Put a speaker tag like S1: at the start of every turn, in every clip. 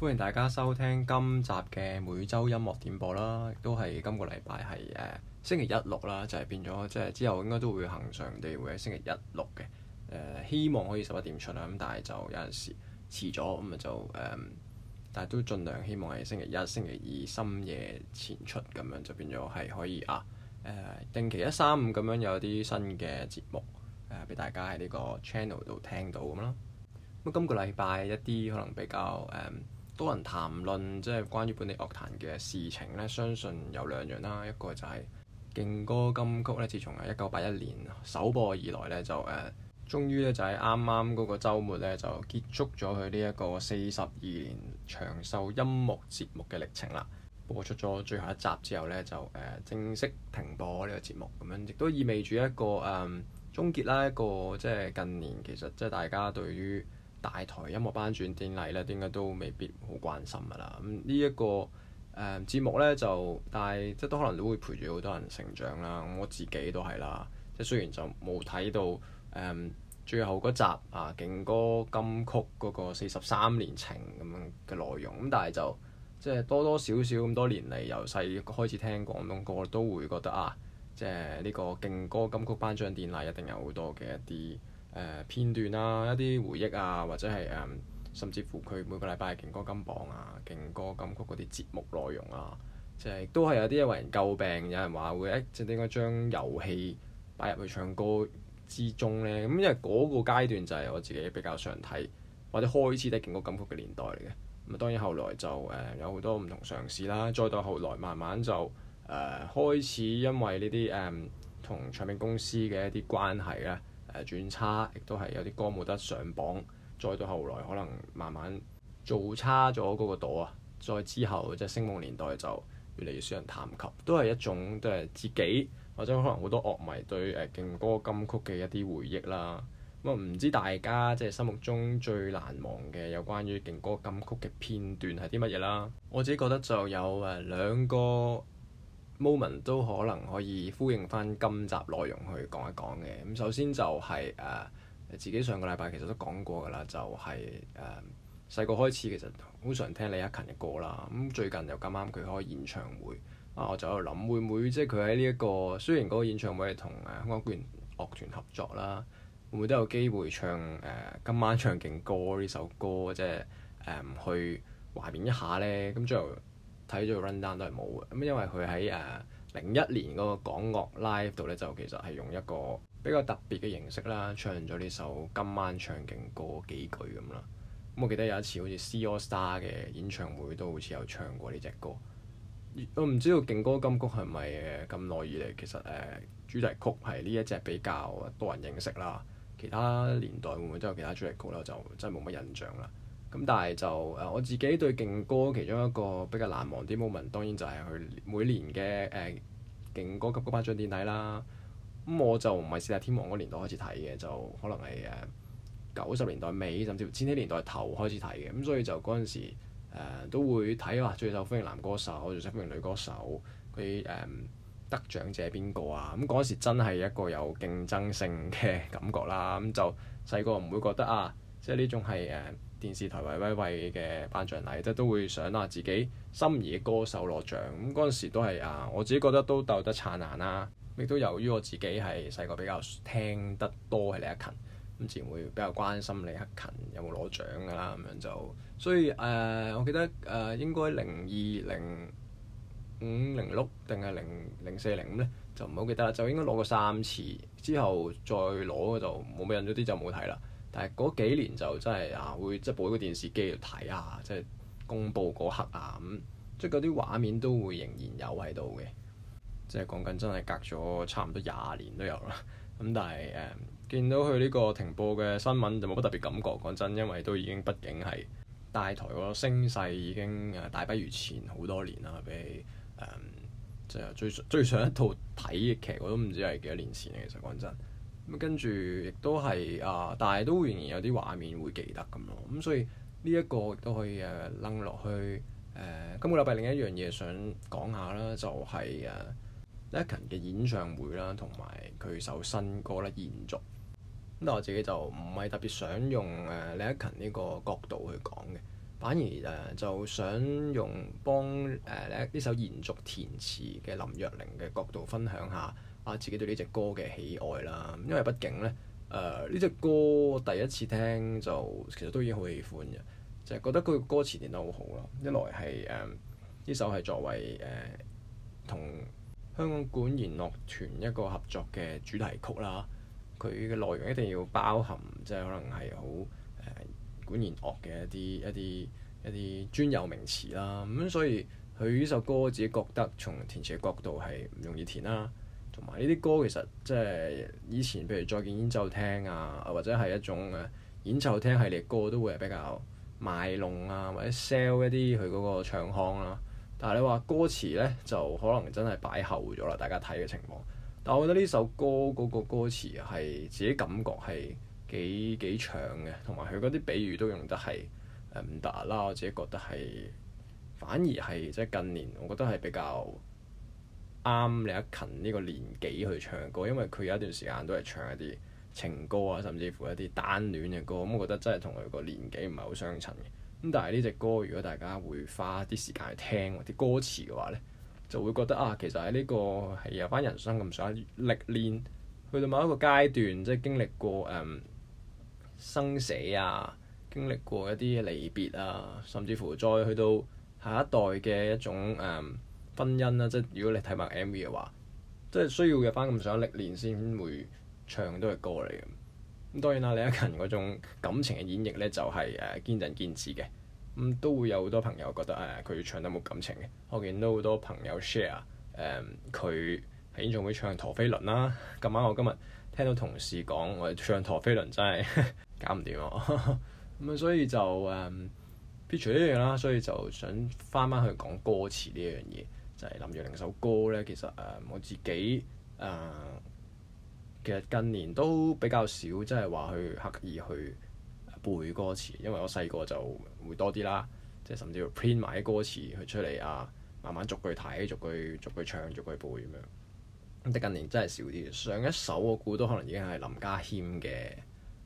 S1: 歡迎大家收聽今集嘅每周音樂點播啦，亦都係今個禮拜係誒、呃、星期一六啦，就係、是、變咗即係之後應該都會恆常地會喺星期一六嘅誒、呃，希望可以十一點出啊。咁但係就有陣時遲咗咁啊，就誒、呃，但係都盡量希望係星期一、星期二深夜前出咁樣，就變咗係可以啊誒、呃，定期一三五咁樣有啲新嘅節目誒，俾、呃、大家喺呢個 channel 度聽到咁咯。咁今個禮拜一啲可能比較誒、呃多人談論即係、就是、關於本地樂壇嘅事情咧，相信有兩樣啦。一個就係勁歌金曲咧，自從係一九八一年首播以來咧，就誒終於咧就喺啱啱嗰個週末咧就結束咗佢呢一個四十二年長壽音樂節目嘅歷程啦。播出咗最後一集之後咧，就誒、呃、正式停播呢個節目，咁樣亦都意味住一個誒終、呃、結啦。一個即係近年其實即係大家對於大台音樂頒獎典禮咧，應該都未必好關心噶啦。咁、嗯這個呃、呢一個誒節目咧，就但係即係都可能都會陪住好多人成長啦。咁我自己都係啦，即係雖然就冇睇到誒、嗯、最後嗰集啊勁歌金曲嗰個四十三年情咁樣嘅內容，咁、嗯、但係就即係多多少少咁多年嚟，由細開始聽廣東歌，都會覺得啊，即係呢個勁歌金曲頒獎典禮一定有好多嘅一啲。呃、片段啊，一啲回憶啊，或者係、嗯、甚至乎佢每個禮拜勁歌金榜啊、勁歌金曲嗰啲節目內容啊，即係都係有啲因為人詬病，有人話會一、欸、即應該將遊戲擺入去唱歌之中呢。咁、嗯、因為嗰個階段就係我自己比較常睇或者開始睇勁歌金曲嘅年代嚟嘅。咁、嗯、當然後來就誒、呃、有好多唔同嘗試啦，再到後來慢慢就誒、呃、開始因為呢啲誒同唱片公司嘅一啲關係咧。誒轉差，亦都係有啲歌冇得上榜，再到後來可能慢慢做差咗嗰個度啊，再之後即係、就是、聲夢年代就越嚟越少人談及，都係一種即係自己或者可能好多樂迷對誒勁歌金曲嘅一啲回憶啦。咁啊唔知大家即係、就是、心目中最難忘嘅有關於勁歌金曲嘅片段係啲乜嘢啦？我自己覺得就有誒兩個 moment 都可能可以呼應翻今集內容去講一講嘅，咁首先就係、是、誒、呃、自己上個禮拜其實都講過㗎啦，就係誒細個開始其實好常聽李克勤嘅歌啦，咁、嗯、最近又咁啱佢開演唱會，啊我就喺度諗會唔會即係佢喺呢一個雖然嗰個演唱會係同誒香港管樂團合作啦，會唔會都有機會唱誒、呃、今晚唱勁歌呢首歌，即係誒去懷念一下咧，咁、嗯、最後。睇咗個 run down 都係冇嘅，咁因為佢喺誒零一年嗰個港樂 live 度咧，就其實係用一個比較特別嘅形式啦，唱咗呢首今晚唱勁歌幾句咁啦。咁、嗯、我記得有一次好似 See All Star 嘅演唱會都好似有唱過呢隻歌。我唔知道勁歌金曲係咪咁耐以嚟其實誒、呃、主題曲係呢一隻比較多人認識啦。其他年代會唔會都有其他主題曲咧？就真係冇乜印象啦。咁但係就誒我自己對勁歌其中一個比較難忘啲 moment，當然就係去每年嘅誒、呃、勁歌金曲頒獎典禮啦。咁、嗯、我就唔係四大天王嗰年代開始睇嘅，就可能係誒九十年代尾甚至乎千禧年代頭開始睇嘅。咁、嗯、所以就嗰陣時、呃、都會睇話、啊、最受歡迎男歌手、最受歡迎女歌手佢啲、嗯、得獎者邊個啊？咁、嗯、嗰時真係一個有競爭性嘅感覺啦。咁、嗯、就細個唔會覺得啊，即係呢種係誒。啊電視台為威威嘅頒獎禮，即係都會想啊自己心儀嘅歌手攞獎。咁嗰陣時都係啊，我自己覺得都鬥得燦爛啦。亦都由於我自己係細個比較聽得多係李克勤，咁自然會比較關心李克勤有冇攞獎㗎啦？咁樣就所以誒、呃，我記得誒、呃、應該零二零五零六定係零零四零五咧，就唔好記得啦。就應該攞過三次之後再攞就冇咩印咗啲就冇睇啦。但係嗰幾年就真係啊，會即係抱一個電視機嚟睇啊，即係公佈嗰刻啊，咁即係嗰啲畫面都會仍然有喺度嘅。即係講緊真係隔咗差唔多廿年都有啦。咁、嗯、但係誒、嗯，見到佢呢個停播嘅新聞就冇乜特別感覺講真，因為都已經畢竟係大台個聲勢已經誒大不如前好多年啦。比起誒、嗯、即係追追上一套睇嘅劇，我都唔知係幾多年前其實講真。跟住亦都係啊，但係都仍然有啲畫面會記得咁咯。咁、嗯、所以呢一個亦都可以誒擰落去誒。今個禮拜另一樣嘢想講下啦，就係誒李克勤嘅演唱會啦，同埋佢首新歌咧《弦續》。咁但我自己就唔係特別想用誒李克勤呢個角度去講嘅，反而誒、啊、就想用幫誒呢首《弦續》填詞嘅林若寧嘅角度分享下。啊！自己對呢隻歌嘅喜愛啦，因為畢竟咧，誒呢隻歌第一次聽就其實都已經好喜歡嘅，就係、是、覺得佢歌詞填得好好啦。一來係誒呢首係作為誒同、呃、香港管弦樂團一個合作嘅主題曲啦，佢嘅內容一定要包含即係、就是、可能係好誒管弦樂嘅一啲一啲一啲專有名詞啦。咁、嗯、所以佢呢首歌自己覺得從填詞嘅角度係唔容易填啦。同埋呢啲歌其實即係以前，譬如再見演奏廳啊，或者係一種嘅演奏廳系列歌，都會係比較賣弄啊，或者 sell 一啲佢嗰個唱腔啦，啊。但係你話歌詞咧，就可能真係擺後咗啦，大家睇嘅情況。但係我覺得呢首歌嗰個歌詞係自己感覺係幾幾長嘅，同埋佢嗰啲比喻都用得係唔得啦。我自己覺得係反而係即係近年，我覺得係比較。啱李克勤呢個年紀去唱歌，因為佢有一段時間都係唱一啲情歌啊，甚至乎一啲單戀嘅歌，咁、嗯、我覺得真係同佢個年紀唔係好相襯嘅。咁、嗯、但係呢隻歌，如果大家會花啲時間去聽或者歌詞嘅話呢，就會覺得啊，其實喺呢、呢個係有班人生咁上下歷練，去到某一個階段，即係經歷過、嗯、生死啊，經歷過一啲離別啊，甚至乎再去到下一代嘅一種誒。嗯婚姻啦，即係如果你睇埋 M.V. 嘅話，即係需要有翻咁上歷練先會唱到嘅歌嚟咁。咁當然啦，李克勤嗰種感情嘅演繹咧，就係誒見仁見智嘅。咁、啊嗯、都會有好多朋友覺得誒佢、啊、唱得冇感情嘅。我見到好多朋友 share 誒佢喺演唱會唱《陀飛輪》啦。今晚我今日聽到同事講，我唱《陀飛輪》真係 搞唔掂啊咁啊， 所以就 p i 誒撇除呢樣啦，所以就想翻翻去講歌詞呢一樣嘢。就係林若寧首歌咧，其實誒、呃、我自己誒、呃，其實近年都比較少，即係話去刻意去背歌詞，因為我細個就會多啲啦，即係甚至乎 print 埋啲歌詞去出嚟啊，慢慢逐句睇、逐句逐句唱、逐句背咁樣。咁得近年真係少啲，上一首我估都可能已經係林家謙嘅誒、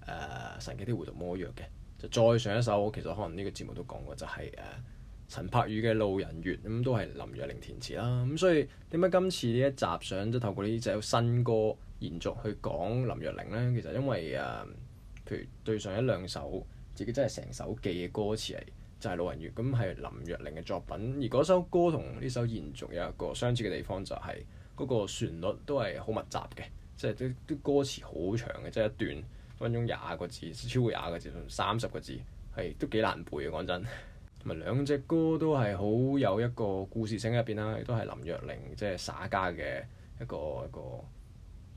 S1: 呃《神奇的回頭魔藥》嘅，就再上一首，我其實可能呢個節目都講過，就係、是、誒。呃陳柏宇嘅《路人月》咁都係林若寧填詞啦，咁所以點解今次呢一集想即透過呢隻新歌弦續去講林若寧呢？其實因為誒、啊，譬如對上一兩首自己真係成首記嘅歌詞係就係《路人月》，咁係林若寧嘅作品。而嗰首歌同呢首弦續有一個相似嘅地方，就係嗰個旋律都係好密集嘅，即係啲啲歌詞好長嘅，即係一段分鐘廿個字，超過廿個字，三十個字係都幾難背嘅，講真。咪兩隻歌都係好有一個故事性入邊啦，亦都係林若寧即係耍家嘅一個一個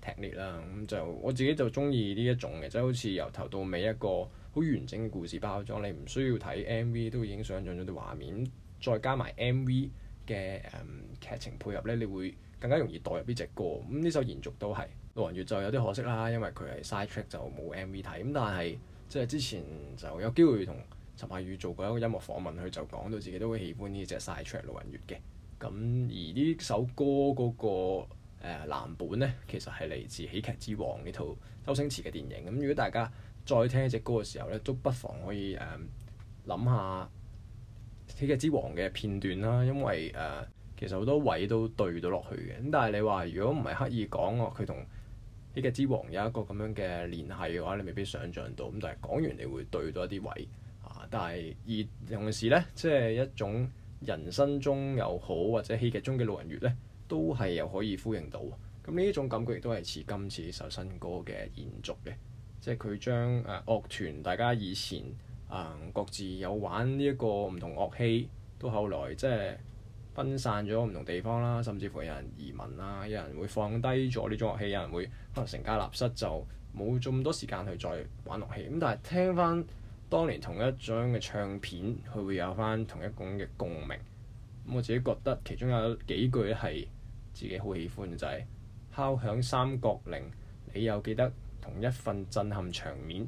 S1: 踢裂啦。咁就我自己就中意呢一種嘅，即、就、係、是、好似由頭到尾一個好完整嘅故事包裝，你唔需要睇 MV 都已經想像到啲畫面。再加埋 MV 嘅誒、嗯、劇情配合呢，你會更加容易代入呢隻歌。咁呢首弦續都係《路人月》就有啲可惜啦，因為佢係 side track 就冇 MV 睇。咁但係即係之前就有機會同。陳柏宇做過一個音樂訪問，佢就講到自己都會喜歡呢隻 side track《路人乙》嘅咁。而呢首歌嗰、那個誒、呃、藍本呢，其實係嚟自《喜劇之王》呢套周星馳嘅電影咁。如果大家再聽一隻歌嘅時候呢，都不妨可以誒諗下《喜劇之王》嘅片段啦，因為誒、呃、其實好多位都對到落去嘅咁。但係你話如果唔係刻意講佢同《喜劇之王》有一個咁樣嘅聯繫嘅話，你未必想像到咁。但係講完你會對到一啲位。但係而同時呢，即係一種人生中又好或者戲劇中嘅《老人月》呢，都係又可以呼應到。咁呢一種感覺亦都係似今次呢首新歌嘅延續嘅，即係佢將誒樂團大家以前啊、呃、各自有玩呢一個唔同樂器，到後來即係分散咗唔同地方啦，甚至乎有人移民啦，有人會放低咗呢種樂器，有人會可能成家立室就冇咁多時間去再玩樂器。咁但係聽翻當年同一張嘅唱片，佢會有翻同一種嘅共鳴。咁、嗯、我自己覺得其中有幾句咧係自己好喜歡就係、是、敲響三角鈴。你又記得同一份震撼場面？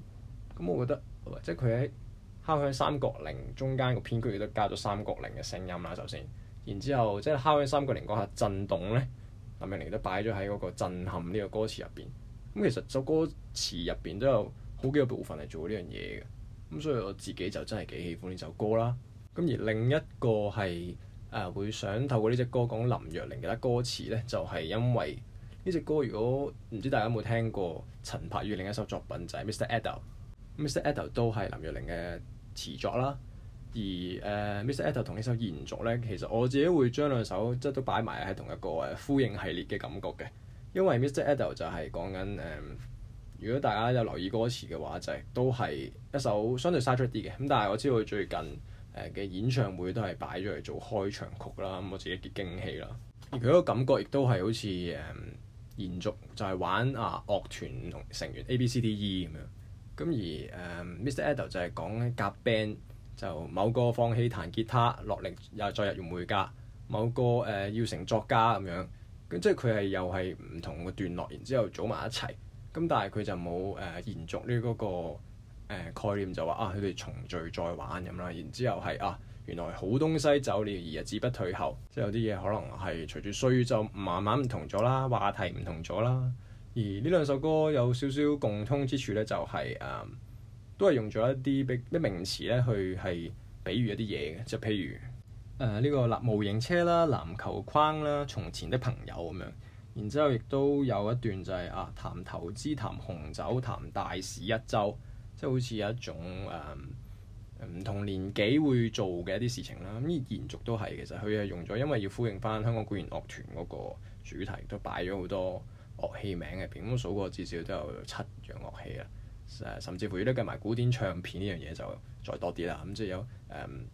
S1: 咁、嗯、我覺得，或者佢喺敲響三角鈴中間個編曲，亦都加咗三角鈴嘅聲音啦。首先，然之後即係敲響三角鈴嗰下震動咧，林若寧都擺咗喺嗰個震撼呢個歌詞入邊。咁、嗯、其實首歌詞入邊都有好幾個部分係做呢樣嘢嘅。咁所以我自己就真係幾喜歡呢首歌啦。咁而另一個係誒、呃、會想透過呢隻歌講林若寧嘅啦。歌詞呢，就係、是、因為呢隻歌如果唔知大家有冇聽過陳柏宇另一首作品就係、是、Mr. Edel。Mr. Edel 都係林若寧嘅詞作啦。而誒、呃、Mr. Edel 同呢首弦續呢，其實我自己會將兩首即係都擺埋喺同一個誒呼應系列嘅感覺嘅，因為 Mr. Edel 就係講緊誒。呃如果大家有留意歌詞嘅話，就係、是、都係一首相對嘥出啲嘅。咁但係我知道佢最近誒嘅演唱會都係擺咗嚟做開場曲啦。咁我自己嘅驚喜啦。而佢個感覺亦都係好似誒、嗯、延續，就係、是、玩啊樂團同成員 A、B、C、D、E 咁樣。咁而誒、嗯、Mr. Edel 就係講夾 band，就某個放棄彈吉他，落力又再入用會架，某個誒、呃、要成作家咁樣。咁即係佢係又係唔同嘅段落，然之後組埋一齊。咁但係佢就冇誒、呃、延續呢、這、嗰個、呃、概念，就話啊佢哋重聚再玩咁啦，然之後係啊原來好東西走了而日子不退後，即係有啲嘢可能係隨住歲就慢慢唔同咗啦，話題唔同咗啦。而呢兩首歌有少少共通之處咧，就係、是、誒、呃、都係用咗一啲比咩名詞咧去係比喻一啲嘢嘅，即係譬如誒呢、呃這個模型車啦、籃球框啦、從前的朋友咁樣。然之後，亦都有一段就係、是、啊，談投資、談紅酒、談大市，一周，即係好似有一種誒唔、嗯、同年紀會做嘅一啲事情啦。咁、嗯、而延續都係其實佢係用咗，因為要呼應返香港管弦樂團嗰個主題，都擺咗好多樂器名嘅，邊、嗯。咁數過至少都有七樣樂器啦，甚至乎咧計埋古典唱片呢樣嘢就再多啲啦。咁、嗯、即係有誒、嗯、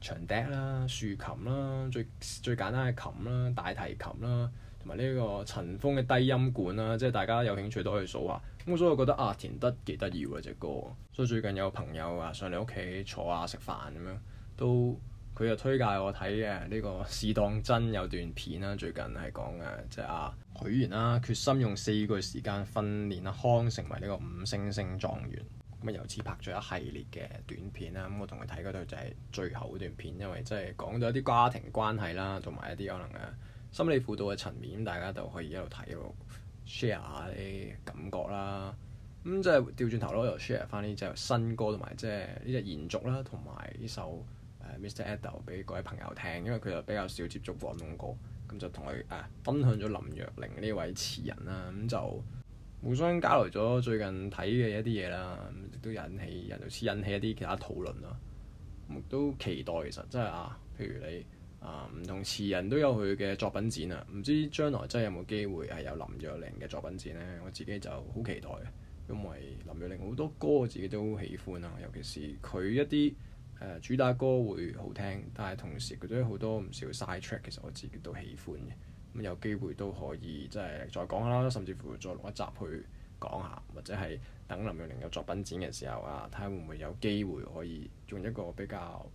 S1: 長笛啦、豎琴啦、最最簡單嘅琴啦、大提琴啦。同埋呢個塵封嘅低音管啦，即係大家有興趣都可以數下。咁所以我覺得啊，填得幾得意喎隻歌。所以最近有個朋友啊上嚟屋企坐下食飯咁樣，都佢又推介我睇嘅呢個《試當真》有段片啦。最近係講嘅即係啊許賢啦、啊，決心用四個月時間訓練阿康成為呢個五星星狀元。咁啊由此拍咗一系列嘅短片啦。咁我同佢睇嗰套就係最後段片，因為即係講咗啲家庭關係啦，同埋一啲可能啊。心理輔導嘅層面，大家就可以一路睇一路 share 下啲感覺啦。咁即係調轉頭咯，又 share 翻呢隻新歌同埋即係呢隻延續啦，同埋呢首誒 Mr. Edel 俾各位朋友聽，因為佢又比較少接觸廣東歌，咁就同佢誒分享咗林若寧呢位詞人啦。咁就互相交流咗最近睇嘅一啲嘢啦，咁亦都引起，引起一啲其他討論啦。咁都期待其實真係啊，譬如你。啊，唔同詞人都有佢嘅作品展啊！唔知將來真係有冇機會係有林若寧嘅作品展呢？我自己就好期待嘅，嗯、因為林若寧好多歌我自己都喜歡啊，尤其是佢一啲誒、呃、主打歌會好聽，但係同時佢都有好多唔少 side track，其實我自己都喜歡嘅。咁、嗯、有機會都可以即係再講下啦，甚至乎再錄一集去講下，或者係等林若寧有作品展嘅時候啊，睇下會唔會有機會可以用一個比較，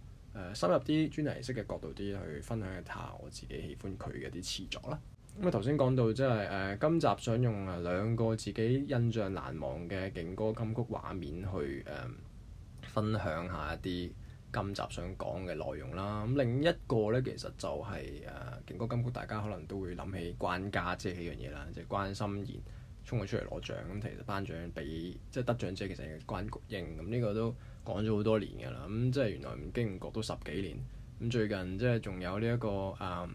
S1: 誒深入啲專題式嘅角度啲去分享一下我自己喜歡佢嘅一啲詞作啦。咁啊，頭先講到即係誒今集想用啊兩個自己印象難忘嘅勁歌金曲畫面去誒、呃、分享一下一啲今集想講嘅內容啦。咁另一個咧，其實就係誒勁歌金曲，大家可能都會諗起關家姐呢樣嘢啦，即係關心妍。衝佢出嚟攞獎咁、嗯，其實頒獎俾即係得獎者其實係關菊英咁。呢、嗯，這個都講咗好多年㗎啦。咁、嗯、即係原來唔經唔覺都十幾年。咁、嗯、最近即係仲有呢、這、一個誒、嗯、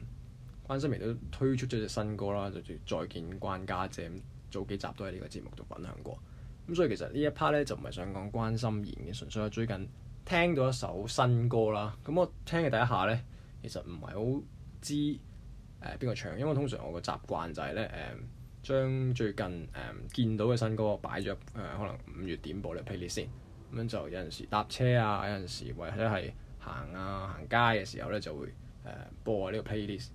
S1: 關心妍都推出咗隻新歌啦，就、嗯、叫《再見關家姐》嗯。早幾集都喺呢個節目度分享過。咁、嗯、所以其實一呢一 part 咧就唔係想講關心妍嘅，純粹我最近聽到一首新歌啦。咁、嗯、我聽嘅第一下咧，其實唔係好知誒邊個唱，因為通常我個習慣就係咧誒。呃將最近誒、嗯、見到嘅新歌擺咗誒、呃，可能五月點播嘅 playlist 先，咁就有陣時搭車啊，有陣時或者係行啊行街嘅時候呢，就會誒、呃、播呢個 playlist、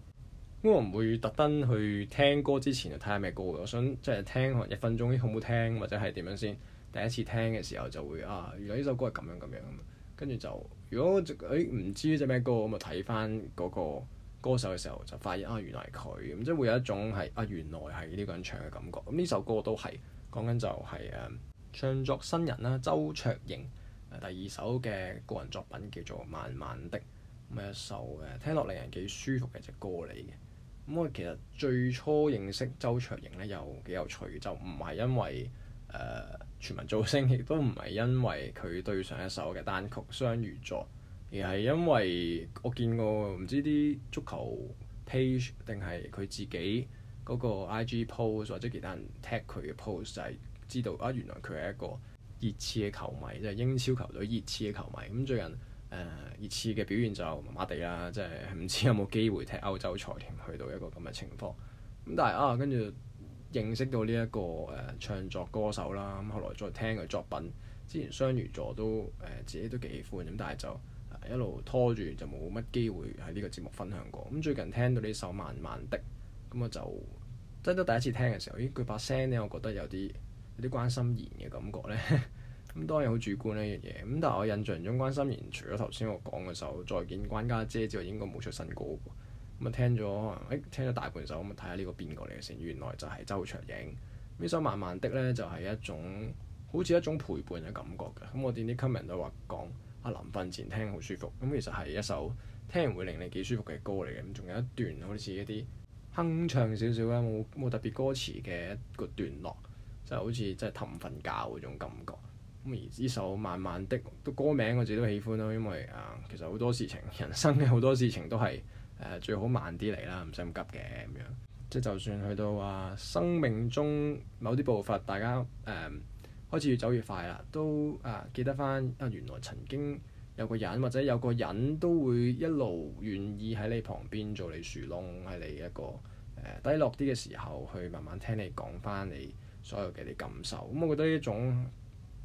S1: 嗯。我唔會特登去聽歌之前就睇下咩歌嘅，我想即係、就是、聽可能一分鐘好唔好聽，或者係點樣先。第一次聽嘅時候就會啊，原來呢首歌係咁樣咁樣。跟住就如果誒唔、欸、知隻咩歌咁啊，睇翻嗰個。歌手嘅時候就發現啊，原來佢咁即係會有一種係啊，原來係呢個人唱嘅感覺。咁呢首歌都係講緊就係誒唱作新人啦，周卓盈、呃、第二首嘅個人作品叫做《慢慢的》咁一首嘅、呃、聽落令人幾舒服嘅隻歌嚟嘅。咁我其實最初認識周卓盈呢，又幾有趣就唔係因為誒、呃、全民造星，亦都唔係因為佢對上一首嘅單曲《雙魚座》。而係因為我見過唔知啲足球 page 定係佢自己嗰個 IG post 或者其他人踢佢嘅 post 就係知道啊，原來佢係一個熱刺嘅球迷，即係英超球隊熱刺嘅球迷。咁、嗯、最近誒、呃、熱刺嘅表現就麻麻地啦，即係唔知有冇機會踢歐洲賽，添去到一個咁嘅情況。咁、嗯、但係啊，跟住認識到呢、這、一個誒、呃、唱作歌手啦，咁、嗯、後來再聽佢作品，之前雙魚座都誒、呃、自己都幾喜歡咁，但係就～一路拖住就冇乜機會喺呢個節目分享過。咁最近聽到呢首《慢慢的》，咁啊就真係第一次聽嘅時候，咦，佢把聲咧，我覺得有啲有啲關心妍嘅感覺咧。咁 當然好主觀呢樣嘢。咁但係我印象中關心妍除咗頭先我講嘅首《再見關家姐》之外，應該冇出新歌㗎。咁啊聽咗，可、欸、能，誒聽咗大半首，咁啊睇下呢個邊個嚟嘅先，原來就係周卓盈。呢首《慢慢的》咧就係、是、一種好似一種陪伴嘅感覺㗎。咁我見啲 comment 都話講。臨瞓前聽好舒服，咁、嗯、其實係一首聽完會令你幾舒服嘅歌嚟嘅，咁仲有一段好似一啲哼唱少少啦，冇冇特別歌詞嘅一個段落，就係、好似即係氹瞓覺嗰種感覺。咁、嗯、而呢首《慢慢的》個歌名我自己都喜歡咯，因為啊、呃，其實好多事情，人生嘅好多事情都係誒、呃、最好慢啲嚟啦，唔使咁急嘅咁樣。即係就算去到話生命中某啲步伐，大家誒、呃開始越走越快啦，都啊記得翻啊，原來曾經有個人或者有個人都會一路願意喺你旁邊做你樹窿，喺你一個誒、呃、低落啲嘅時候，去慢慢聽你講翻你所有嘅啲感受。咁我覺得一種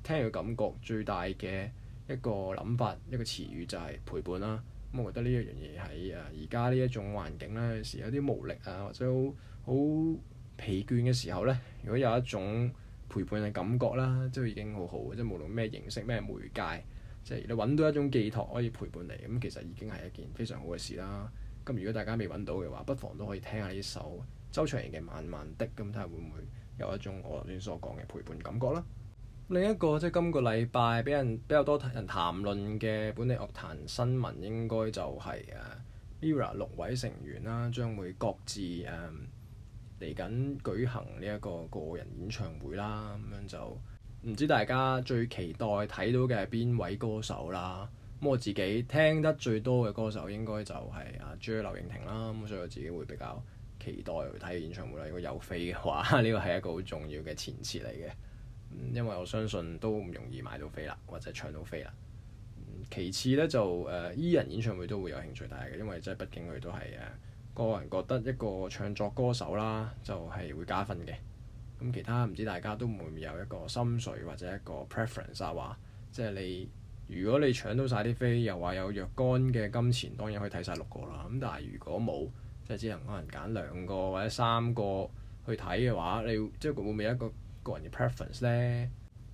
S1: 聽嘅感覺最大嘅一個諗法一個詞語就係陪伴啦。咁我覺得呢一樣嘢喺誒而家呢一種環境咧，有時有啲無力啊或者好好疲倦嘅時候咧，如果有一種陪伴嘅感覺啦，即係已經好好即係無論咩形式、咩媒介，即係你揾到一種寄託可以陪伴你，咁其實已經係一件非常好嘅事啦。咁如果大家未揾到嘅話，不妨都可以聽下呢首周卓盈嘅《慢慢的》，咁睇下會唔會有一種我頭先所講嘅陪伴感覺啦。另一個即係今個禮拜俾人比較多人談論嘅本地樂壇新聞，應該就係誒 Mirror 六位成員啦，將會各自誒，Uh, 嚟緊舉行呢一個個人演唱會啦，咁樣就唔知大家最期待睇到嘅係邊位歌手啦。咁我自己聽得最多嘅歌手應該就係阿朱 o 劉若婷啦。咁所以我自己會比較期待去睇演唱會啦。如果有飛嘅話，呢個係一個好重要嘅前設嚟嘅，因為我相信都唔容易買到飛啦，或者唱到飛啦。其次呢，就誒 e a 演唱會都會有興趣睇嘅，因為即係畢竟佢都係誒。個人覺得一個唱作歌手啦，就係、是、會加分嘅。咁其他唔知大家都會唔會有一個心水或者一個 preference 啊？話、啊、即係你，如果你搶到晒啲飛，又話有若干嘅金錢，當然可以睇晒六個啦。咁但係如果冇，即係只能可能揀兩個或者三個去睇嘅話，你即係會唔會有一個個人嘅 preference 呢？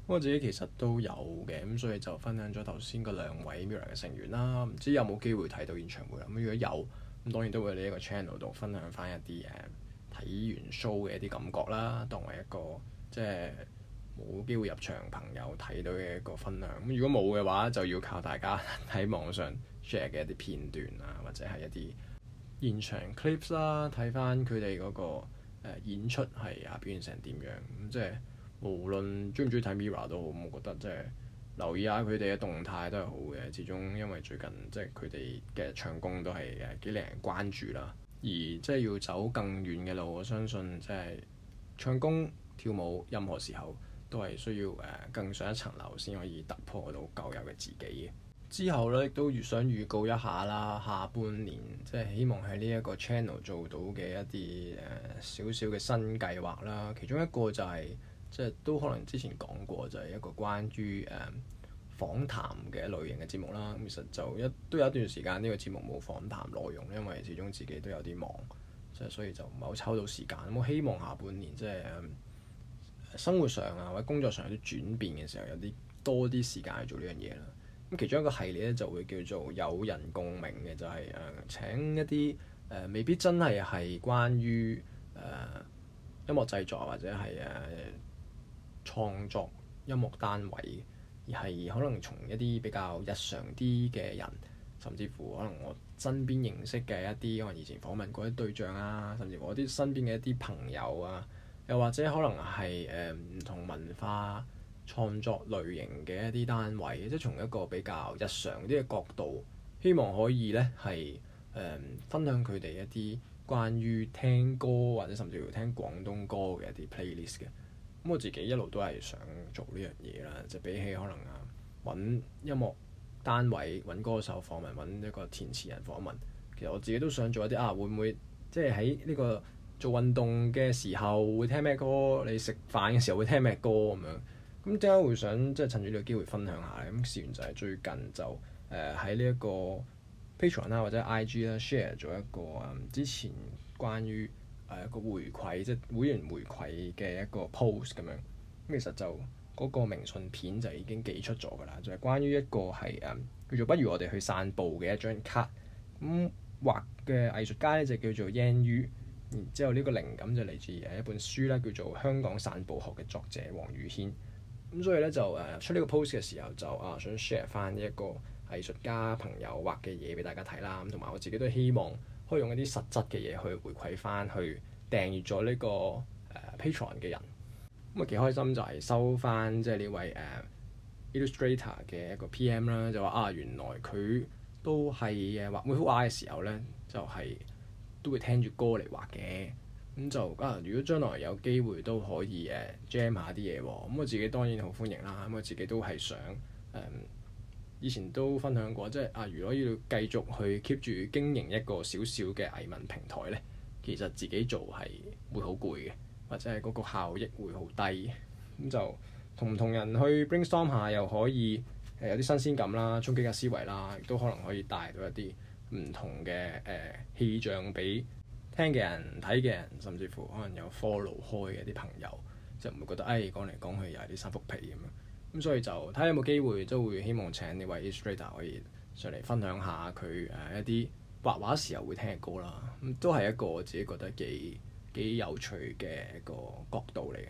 S1: 我自己其實都有嘅，咁所以就分享咗頭先個兩位 Mirror 嘅成員啦。唔知有冇機會睇到現場會啊？咁如果有。當然都會喺呢個 channel 度分享翻一啲誒睇完 show 嘅一啲感覺啦，當為一個即係冇機會入場朋友睇到嘅一個分享。咁如果冇嘅話，就要靠大家喺網上 share 嘅一啲片段啊，或者係一啲現場 clips 啦，睇翻佢哋嗰個演出係啊表現成點樣。咁即係無論中唔中意睇 MIRROR 都好，我覺得即係。留意下佢哋嘅動態都係好嘅，始終因為最近即係佢哋嘅唱功都係誒幾令人關注啦。而即係要走更遠嘅路，我相信即係唱功、跳舞，任何時候都係需要誒、呃、更上一層樓先可以突破到舊有嘅自己。之後咧亦都想預告一下啦，下半年即係、就是、希望喺呢一個 channel 做到嘅一啲誒少少嘅新計劃啦。其中一個就係、是、～即係都可能之前講過，就係、是、一個關於誒、嗯、訪談嘅類型嘅節目啦。咁其實就一都有一段時間呢個節目冇訪談內容，因為始終自己都有啲忙，即係所以就唔係好抽到時間。咁、嗯、我希望下半年即係、嗯、生活上啊或者工作上有啲轉變嘅時候，有啲多啲時間去做呢樣嘢啦。咁其中一個系列咧就會叫做友人共鳴嘅，就係、是、誒、嗯、請一啲誒、呃、未必真係係關於誒、呃、音樂製作或者係誒。呃創作音樂單位，而係可能從一啲比較日常啲嘅人，甚至乎可能我身邊認識嘅一啲可能以前訪問過嘅對象啊，甚至我啲身邊嘅一啲朋友啊，又或者可能係誒唔同文化創作類型嘅一啲單位，即係從一個比較日常啲嘅角度，希望可以呢係誒、呃、分享佢哋一啲關於聽歌或者甚至乎聽廣東歌嘅一啲 playlist 嘅。咁我自己一路都係想做呢樣嘢啦，就比起可能啊揾音樂單位揾歌手訪問，揾一個填詞人訪問，其實我自己都想做一啲啊會唔會即係喺呢個做運動嘅時候會聽咩歌，你食飯嘅時候會聽咩歌咁樣。咁點解會想即係趁住呢個機會分享下咧？咁事緣就係最近就喺呢一個 Patreon 啦或者 IG 啦 share 咗一個、嗯、之前關於。一個回饋即會員回饋嘅一個 post 咁樣，咁其實就嗰個明信片就已經寄出咗㗎啦，就係、是、關於一個係誒叫做不如我哋去散步嘅一張卡，咁畫嘅藝術家咧就叫做 Yen Yu，然之後呢個靈感就嚟自誒一本書咧叫做《香港散步學》嘅作者黃宇軒，咁所以咧就誒出呢個 post 嘅時候就啊想 share 翻呢一個藝術家朋友畫嘅嘢俾大家睇啦，咁同埋我自己都希望，可以用一啲實質嘅嘢去回饋翻，去訂閲咗呢個誒、呃、Patreon 嘅人，
S2: 咁啊幾
S1: 開心就係收翻即係呢位誒、呃、illustrator 嘅一個 PM 啦，就話啊原來佢都係誒畫每幅畫嘅時候咧，就係、是、都會聽住歌嚟畫嘅，咁、嗯、就啊如果將來有機會都可以誒、呃、Jam 一下啲嘢喎，咁、嗯、我自己當然好歡迎啦，咁、嗯、我自己都係想誒。嗯以前都分享過，即係啊，如果要繼續去 keep 住經營一個小小嘅藝文平台呢，其實自己做係會好攰嘅，或者係嗰個效益會好低咁、嗯、就同唔同人去 brainstorm 下，又可以、呃、有啲新鮮感啦，衝擊下思維啦，亦都可能可以帶到一啲唔同嘅誒氣象俾聽嘅人、睇嘅人，甚至乎可能有 follow 開嘅啲朋友，就唔會覺得誒、哎、講嚟講去又係啲三幅皮咁樣。咁所以就睇下有冇機會，都會希望請呢位 illustrator 可以上嚟分享下佢誒一啲畫畫時候會聽嘅歌啦。咁都係一個我自己覺得幾幾有趣嘅一個角度嚟嘅。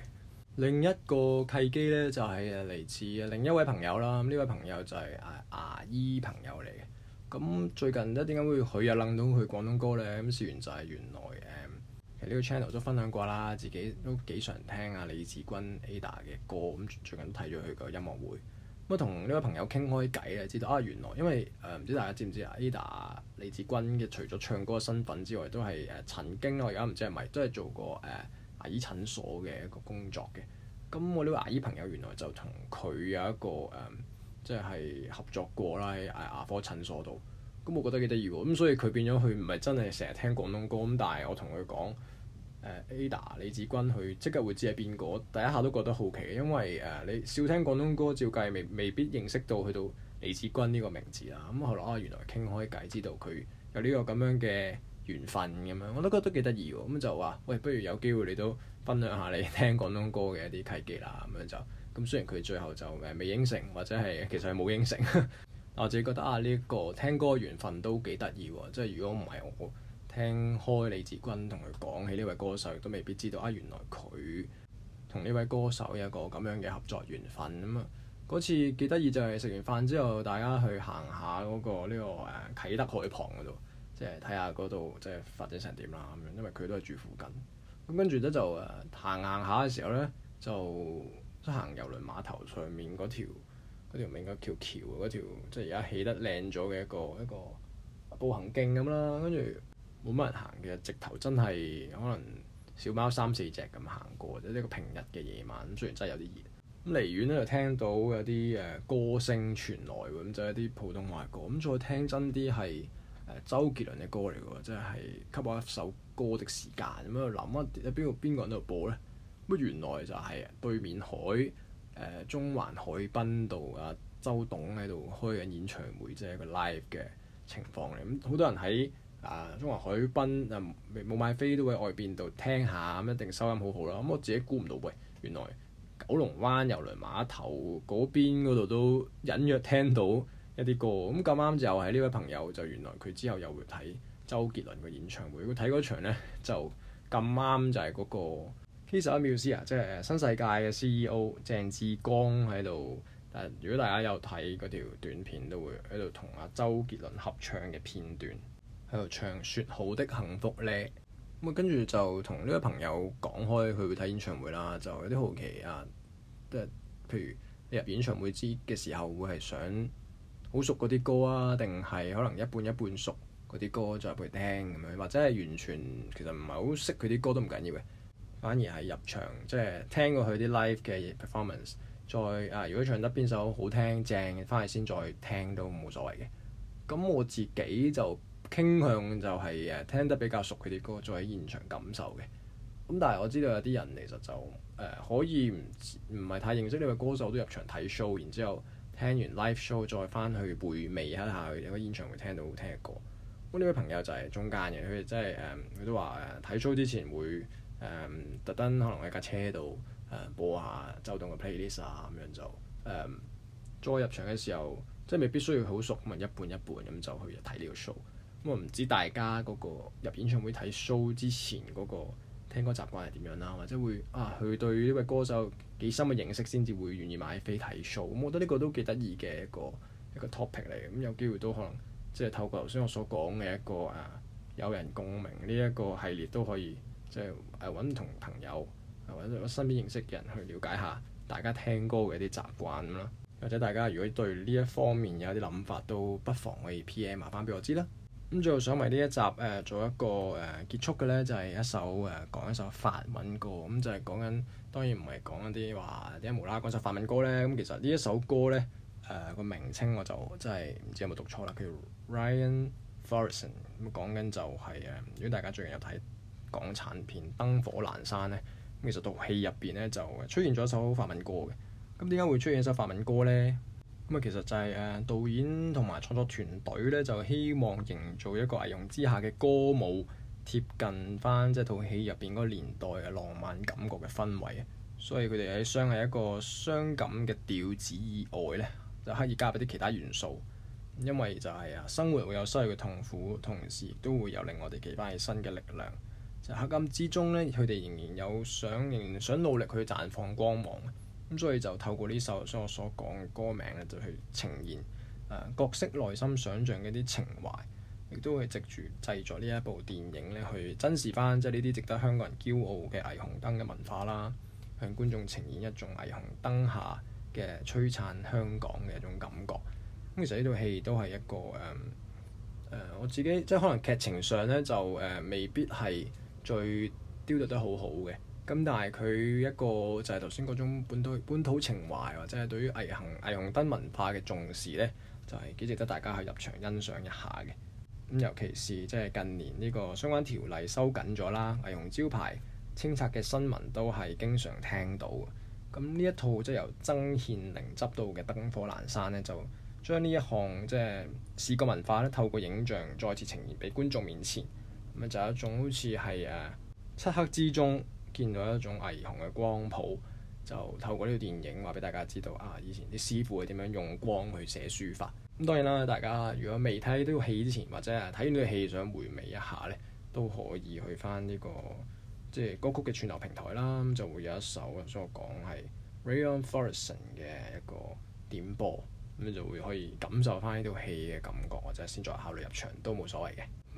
S1: 另一個契機咧，就係、是、嚟自另一位朋友啦。呢位朋友就係牙醫朋友嚟嘅。咁最近一點解會許又諗到佢廣東歌咧？咁試完就係原來。呢個 channel 都分享過啦，自己都幾常聽啊李子君 Ada 嘅歌，咁最近睇咗佢個音樂會，咁啊同呢位朋友傾開偈咧，知道啊原來因為誒唔、呃、知大家知唔知啊 Ada 李子君嘅除咗唱歌身份之外，都係誒、呃、曾經我而家唔知係咪都係做過誒、呃、牙醫診所嘅一個工作嘅，咁我呢位牙醫朋友原來就同佢有一個誒、呃、即係合作過啦喺牙科診所度。咁我覺得幾得意喎，咁所以佢變咗佢唔係真係成日聽廣東歌，咁但係我同佢講 Ada 李子君，佢即刻會知係邊個，第一下都覺得好奇，因為誒、呃、你少聽廣東歌，照計未未必認識到去到李子君呢個名字啦，咁、嗯、後來啊原來傾開偈知道佢有呢個咁樣嘅緣分咁樣，我都覺得都幾得意喎，咁、嗯、就話喂不如有機會你都分享下你聽廣東歌嘅一啲契機啦，咁樣就，咁、嗯、雖然佢最後就誒未應承，或者係其實係冇應承。 我自己覺得啊，呢、這、一個聽歌緣分都幾得意喎！即係如果唔係我聽開李志軍同佢講起呢位歌手，都未必知道啊，原來佢同呢位歌手有一個咁樣嘅合作緣分。咁啊，嗰次幾得意就係食完飯之後，大家去行下嗰個呢、這個誒、啊、啟德海旁嗰度，即係睇下嗰度即係發展成點啦咁樣。因為佢都係住附近，咁跟住咧就誒行行下嘅時候咧，就都行遊輪碼頭上面嗰條。嗰條名叫橋啊，嗰條即係而家起得靚咗嘅一個一個步行徑咁啦，跟住冇乜人行嘅，直頭真係可能小貓三四隻咁行過，即係一個平日嘅夜晚。咁雖然真係有啲熱，咁離遠咧就聽到有啲誒歌聲傳來喎，咁就係一啲普通話歌。咁再聽真啲係誒周杰倫嘅歌嚟嘅喎，即係《給我一首歌的時間》咁喺度諗一諗，喺邊個邊個人喺度播咧？咁原來就係對面海。誒、呃、中環海濱度啊，周董喺度開緊演唱會，即係個 live 嘅情況嚟。咁、嗯、好多人喺啊、呃、中環海濱啊，冇買飛都喺外邊度聽下，咁、嗯、一定收音好好啦。咁、嗯、我自己估唔到，喂、欸，原來九龍灣遊輪碼頭嗰邊嗰度都隱約聽到一啲歌。咁咁啱就係呢位朋友，就原來佢之後又會睇周杰倫嘅演唱會。佢睇嗰場咧就咁啱就係嗰、那個。其實阿妙思啊，即係新世界嘅 C E O 鄭志剛喺度。如果大家有睇嗰條短片，都會喺度同阿周杰倫合唱嘅片段，喺度唱《説好的幸福》呢。咁啊、嗯，跟住就同呢位朋友講開，佢會睇演唱會啦。就有啲好奇啊，即係譬如你入演唱會之嘅時候，會係想好熟嗰啲歌啊，定係可能一半一半熟嗰啲歌再入去聽咁樣，或者係完全其實唔係好識佢啲歌都唔緊要嘅。反而係入場，即係聽過佢啲 live 嘅 performance，再啊，如果唱得邊首好聽正，翻去先再，再聽都冇所謂嘅。咁我自己就傾向就係誒聽得比較熟佢啲歌，再喺現場感受嘅。咁、嗯、但係我知道有啲人其實就誒、呃、可以唔唔係太認識呢位歌手都入場睇 show，然之後聽完 live show 再翻去回味一下佢喺現場會聽到好聽嘅歌。咁呢位朋友就係中間嘅，佢哋即係誒，佢、嗯、都話誒睇 show 之前會。誒，um, 特登可能喺架車度誒、嗯、播下周董嘅 playlist 啊，咁樣就誒、嗯、再入場嘅時候，即係未必需要好熟咁啊，一半一半咁就去睇呢個 show。咁、嗯、啊，唔知大家嗰個入演唱會睇 show 之前嗰個聽歌習慣係點樣啦，或者會啊，佢對呢位歌手幾深嘅認識先至會願意買飛睇 show。咁、嗯、我覺得呢個都幾得意嘅一個一個 topic 嚟嘅。咁、嗯、有機會都可能即係透過頭先我所講嘅一個啊友人共鳴呢一個系列都可以。即係誒揾同朋友，或者我身邊認識嘅人去了解下大家聽歌嘅啲習慣啦。或者大家如果對呢一方面有啲諗法，都不妨可以 PM 埋翻俾我知啦。咁、嗯、最後想為呢一集誒、呃、做一個誒、呃、結束嘅咧，就係、是、一首誒、呃、講一首法文歌咁、嗯，就係、是、講緊當然唔係講一啲話點解無啦啦講首法文歌咧。咁、嗯、其實呢一首歌咧誒，個名稱我就真係唔知有冇讀錯啦，叫 Ryan Foreson r、嗯。咁講緊就係、是、誒、呃，如果大家最近有睇。港產片燈火闌珊呢，其實套戲入邊呢，就出現咗一首法文歌嘅。咁點解會出現一首法文歌呢？咁啊，其實就係、是、誒、啊、導演同埋創作團隊呢，就希望營造一個霓虹之下嘅歌舞貼近翻即係套戲入邊嗰個年代嘅浪漫感覺嘅氛圍。所以佢哋喺傷係一個傷感嘅調子以外呢，就刻意加入啲其他元素，因為就係、是、啊生活會有失去嘅痛苦，同時亦都會有令我哋企翻起新嘅力量。黑暗之中咧，佢哋仍然有想，仍然想努力去綻放光芒。咁所以就透過呢首，像我所講嘅歌名咧，就去呈現誒、呃、角色內心想象嘅一啲情懷，亦都係藉住製作呢一部電影咧，去珍視翻即係呢啲值得香港人驕傲嘅霓虹燈嘅文化啦。向觀眾呈現一種霓虹燈下嘅璀璨香港嘅一種感覺。咁其實呢套戲都係一個誒誒、呃、我自己即係可能劇情上咧就誒、呃、未必係。最雕琢得好好嘅，咁但係佢一個就係頭先嗰種本土本土情懷或者係對於霓虹霓虹燈文化嘅重視咧，就係、是、幾值得大家去入場欣賞一下嘅。咁尤其是即係近年呢個相關條例收緊咗啦，霓虹招牌清拆嘅新聞都係經常聽到。咁呢一套即係由曾憲寧執導嘅《燈火闌珊》咧，就將呢一項即係視覺文化咧，透過影像再次呈現俾觀眾面前。咁就一種好似係誒漆黑之中見到一種霓虹嘅光譜，就透過呢個電影話俾大家知道啊！以前啲師傅係點樣用光去寫書法。咁、嗯、當然啦，大家如果未睇呢套戲之前，或者係睇完呢套戲想回味一下呢，都可以去翻呢、這個即係歌曲嘅串流平台啦。咁、嗯、就會有一首所以我講係 Rayon Forreston 嘅一個點播，咁、嗯、你就會可以感受翻呢套戲嘅感覺，或者先再考慮入場都冇所謂嘅。